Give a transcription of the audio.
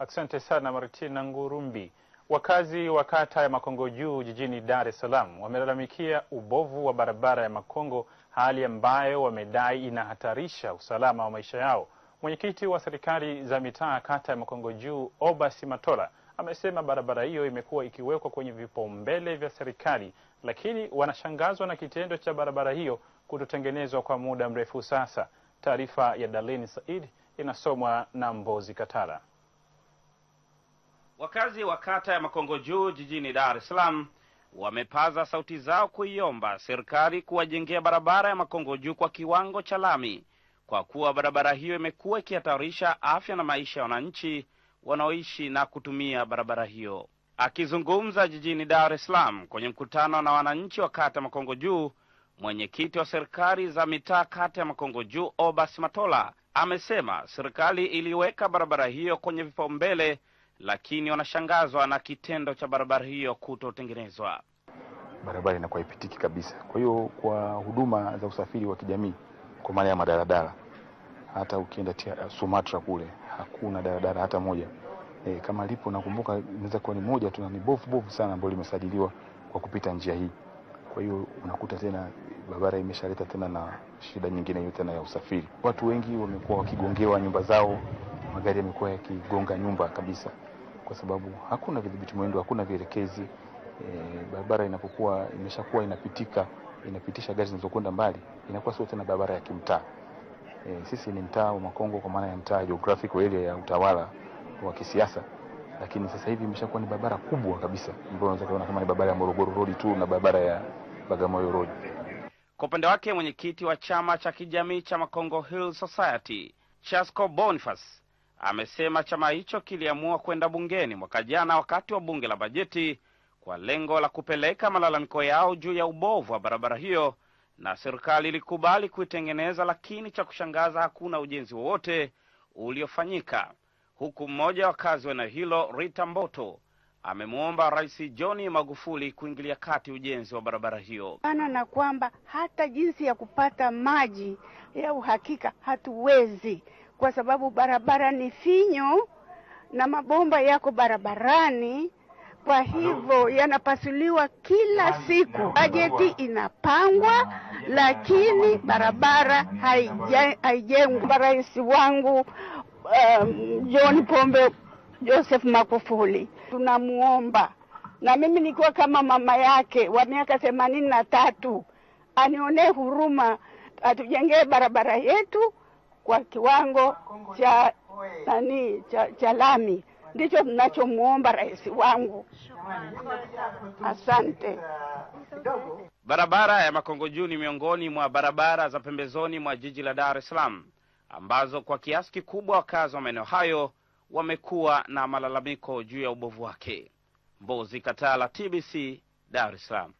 Asante sana Martina Ngurumbi. Wakazi wa kata ya Makongo Juu jijini Dar es Salaam wamelalamikia ubovu wa barabara ya Makongo, hali ambayo wamedai inahatarisha usalama wa maisha yao. Mwenyekiti wa serikali za mitaa kata ya Makongo Juu, Obasi Matola, amesema barabara hiyo imekuwa ikiwekwa kwenye vipaumbele vya serikali, lakini wanashangazwa na kitendo cha barabara hiyo kutotengenezwa kwa muda mrefu sasa. Taarifa ya Darlene Said inasomwa na Mbozi Katara. Wakazi wa kata ya Makongo Juu jijini Dar es Salaam wamepaza sauti zao kuiomba serikali kuwajengea barabara ya Makongo Juu kwa kiwango cha lami, kwa kuwa barabara hiyo imekuwa ikihatarisha afya na maisha ya wananchi wanaoishi na kutumia barabara hiyo. Akizungumza jijini Dar es Salaam kwenye mkutano na wananchi wa kata ya Makongo Juu, mwenyekiti wa serikali za mitaa kata ya Makongo Juu Obas Matola amesema serikali iliweka barabara hiyo kwenye vipaumbele lakini wanashangazwa na kitendo cha barabara hiyo kutotengenezwa. Barabara inakuwa ipitiki kabisa. Kwa hiyo kwa huduma za usafiri wa kijamii kwa maana ya madaladala, hata ukienda tia, eh, Sumatra kule hakuna daladala hata moja. E, kama lipo nakumbuka inaweza kuwa ni moja tu na ni bofu bofu sana ambayo limesajiliwa kwa kupita njia hii. Kwa hiyo unakuta tena barabara imeshaleta tena na shida nyingine hiyo tena ya usafiri. Watu wengi wamekuwa wakigongewa nyumba zao, magari yamekuwa yakigonga nyumba kabisa kwa sababu hakuna vidhibiti mwendo, hakuna vielekezi. E, barabara inapokuwa imeshakuwa inapitika inapitisha gari zinazokwenda mbali, inakuwa sio tena barabara ya kimtaa. E, sisi ni mtaa wa Makongo kwa maana ya mtaa geographic area ya utawala wa kisiasa, lakini sasa hivi imeshakuwa ni barabara kubwa kabisa ambayo unaweza kuona kama ni barabara ya Morogoro Road tu na barabara ya Bagamoyo Road. Kwa upande wake mwenyekiti wa chama cha kijamii cha Makongo Hill Society Chasco Boniface amesema chama hicho kiliamua kwenda bungeni mwaka jana wakati wa bunge la bajeti kwa lengo la kupeleka malalamiko yao juu ya ubovu wa barabara hiyo, na serikali ilikubali kuitengeneza, lakini cha kushangaza hakuna ujenzi wowote uliofanyika, huku mmoja wa kazi wa eneo hilo Rita Mboto amemwomba Rais John Magufuli kuingilia kati ujenzi wa barabara hiyo, ana na kwamba hata jinsi ya kupata maji ya uhakika hatuwezi kwa sababu barabara ni finyo na mabomba yako barabarani, kwa hivyo yanapasuliwa kila siku. Bajeti inapangwa, lakini barabara haijengwa. Rais wangu um, John Pombe Joseph Magufuli tunamwomba na mimi nikiwa kama mama yake wa miaka themanini na tatu anionee huruma, atujengee barabara yetu kwa kiwango cha nani cha, cha lami ndicho tunachomuomba rais wangu. Asante. Barabara ya Makongo Juu ni miongoni mwa barabara za pembezoni mwa jiji la Dar es Salaam ambazo kwa kiasi kikubwa wakazi wa maeneo hayo wamekuwa na malalamiko juu ya ubovu wake. Mbozi Katala, TBC, Dar es Salaam.